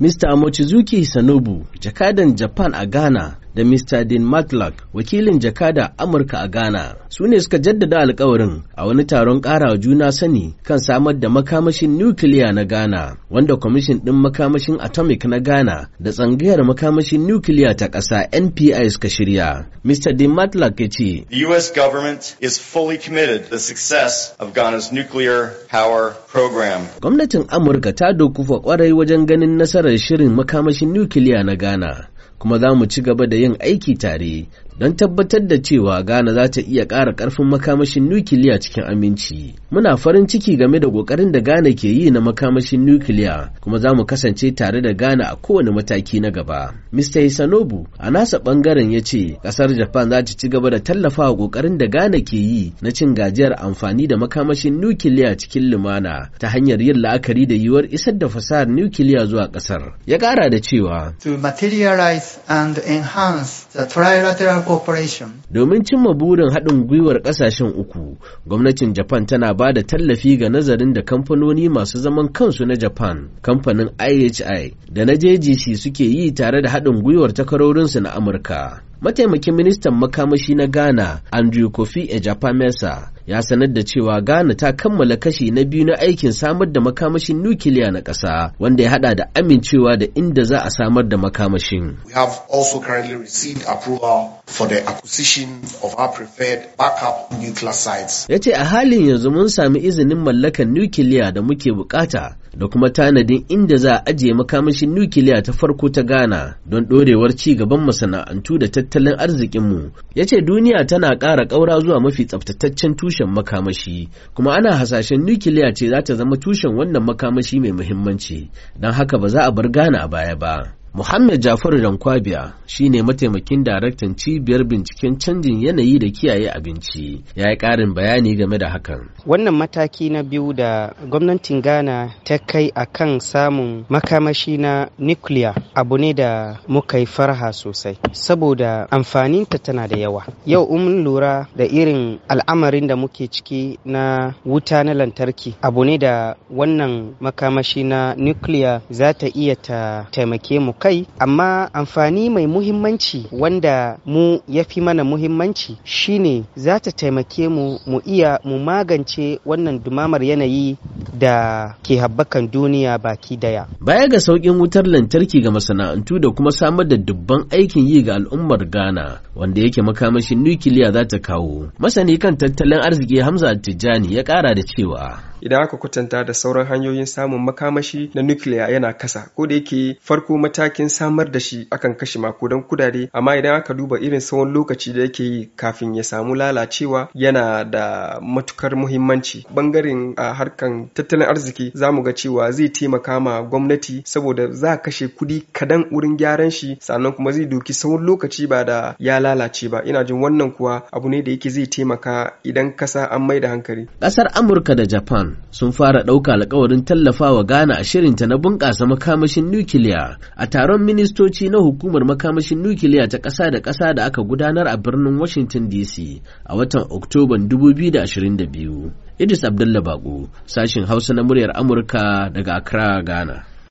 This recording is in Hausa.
Mr. Mochizuki Sanobu, jakadan Japan a Ghana, da Mr. Dean Matlock, wakilin jakada Amurka a Ghana. Su ne suka jaddada alkawarin a wani taron ƙarawa juna sani kan samar da makamashin nukiliya na Ghana, wanda kwamishin ɗin makamashin atomic na Ghana da tsangayar makamashin nukiliya ta ƙasa NPI suka shirya. Mr. Dean Matlock ya ce, The U.S. government is fully committed to the success of Ghana's nuclear power program. Gwamnatin Amurka ta dokufa kwarai wajen ganin nasarar shirin makamashin nukiliya na Ghana. kuma za mu ci gaba da yin aiki tare don tabbatar da cewa Ghana za ta iya ƙara ƙarfin makamashin nukiliya cikin aminci. Muna farin ciki game da ƙoƙarin da Ghana ke yi na makamashin nukiliya kuma za mu kasance tare da Ghana a kowane mataki na gaba. Mr. Hisanobu a nasa ɓangaren ya ce ƙasar Japan za ta ci gaba da tallafawa ƙoƙarin da Ghana ke yi na cin gajiyar amfani da makamashin nukiliya cikin lumana ta hanyar yin la'akari da yiwuwar isar da fasahar nukiliya zuwa ƙasar. Ya ƙara da cewa. To materialize and enhance the trilateral cooperation. Domin cimma burin haɗin gwiwar ƙasashen uku, gwamnatin Japan tana ba da tallafi ga nazarin da kamfanoni masu zaman kansu na Japan, kamfanin IHI da na JGC suke yi tare da haɗin gwiwar takarorinsu na Amurka. Mataimakin ministan makamashi na Ghana, Andrew Kofi Ejapamesa, ya sanar da cewa Ghana ta kammala kashi na biyu na aikin samar da makamashin nukiliya na ƙasa wanda ya hada da amincewa da inda za a samar da makamashin. We have also currently received approval for the acquisition of our preferred backup nuclear sites. Ya ce a halin yanzu mun sami izinin mallakar nukiliya da muke bukata da kuma tanadin inda za a ajiye makamashin nukiliya ta farko ta Ghana don ɗorewar ci gaban masana'antu da tattalin arzikinmu. Ya ce duniya tana ƙara ƙaura zuwa mafi tsaftataccen tushe tushen makamashi kuma ana hasashen nukiliya ce za ta zama tushen wannan makamashi mai muhimmanci don haka ba za a bar Ghana a baya ba. Muhammad Jafaru Dankwabiya shi ne mataimakin daraktan cibiyar binciken canjin yanayi da kiyaye abinci ya yi ƙarin bayani game da hakan. Wannan mataki na biyu da gwamnatin Ghana ta kai a kan samun makamashi na nukiliya abu ne da muka yi farha sosai saboda amfaninta tana da yawa. Yau umun lura da irin al'amarin da muke ciki na wuta na lantarki abu ne da wannan makamashi na nukiliya za ta iya ta taimake mu kai amma amfani mai muhimmanci wanda mu ya fi mana muhimmanci shine za ta taimake mu mu iya mu magance wannan dumamar yanayi da ke habbakan duniya baki daya. Baya ga sauƙin wutar lantarki ga masana'antu da kuma samar da dubban aikin yi ga al'ummar Ghana wanda yake makamashin nukiliya za ta kawo. Masani kan tattalin arziki Hamza Tijjani ya ƙara da cewa. Idan aka kwatanta da sauran hanyoyin samun makamashi na nukiliya yana kasa ko da yake farko matakin samar da shi akan kashe makudan kudade amma idan aka duba irin tsawon lokaci da yake yi kafin ya samu lalacewa yana da matukar muhimmanci bangaren a harkan tattalin tattalin arziki za mu ga cewa zai taimaka ma gwamnati saboda za a kashe kudi kadan wurin gyaran shi sannan kuma zai doki sauran lokaci ba da ya lalace ba ina jin wannan kuwa abu ne da yake zai taimaka idan kasa an mai da hankali. Kasar Amurka da Japan sun fara ɗauka alkawarin tallafawa Ghana a shirinta na bunƙasa makamashin nukiliya a taron ministoci na hukumar makamashin nukiliya ta ƙasa da ƙasa da aka gudanar a birnin Washington DC a watan Oktoban 2022. Idris Abdullah Bako, sashin Hausa na muryar Amurka daga Accra, Ghana.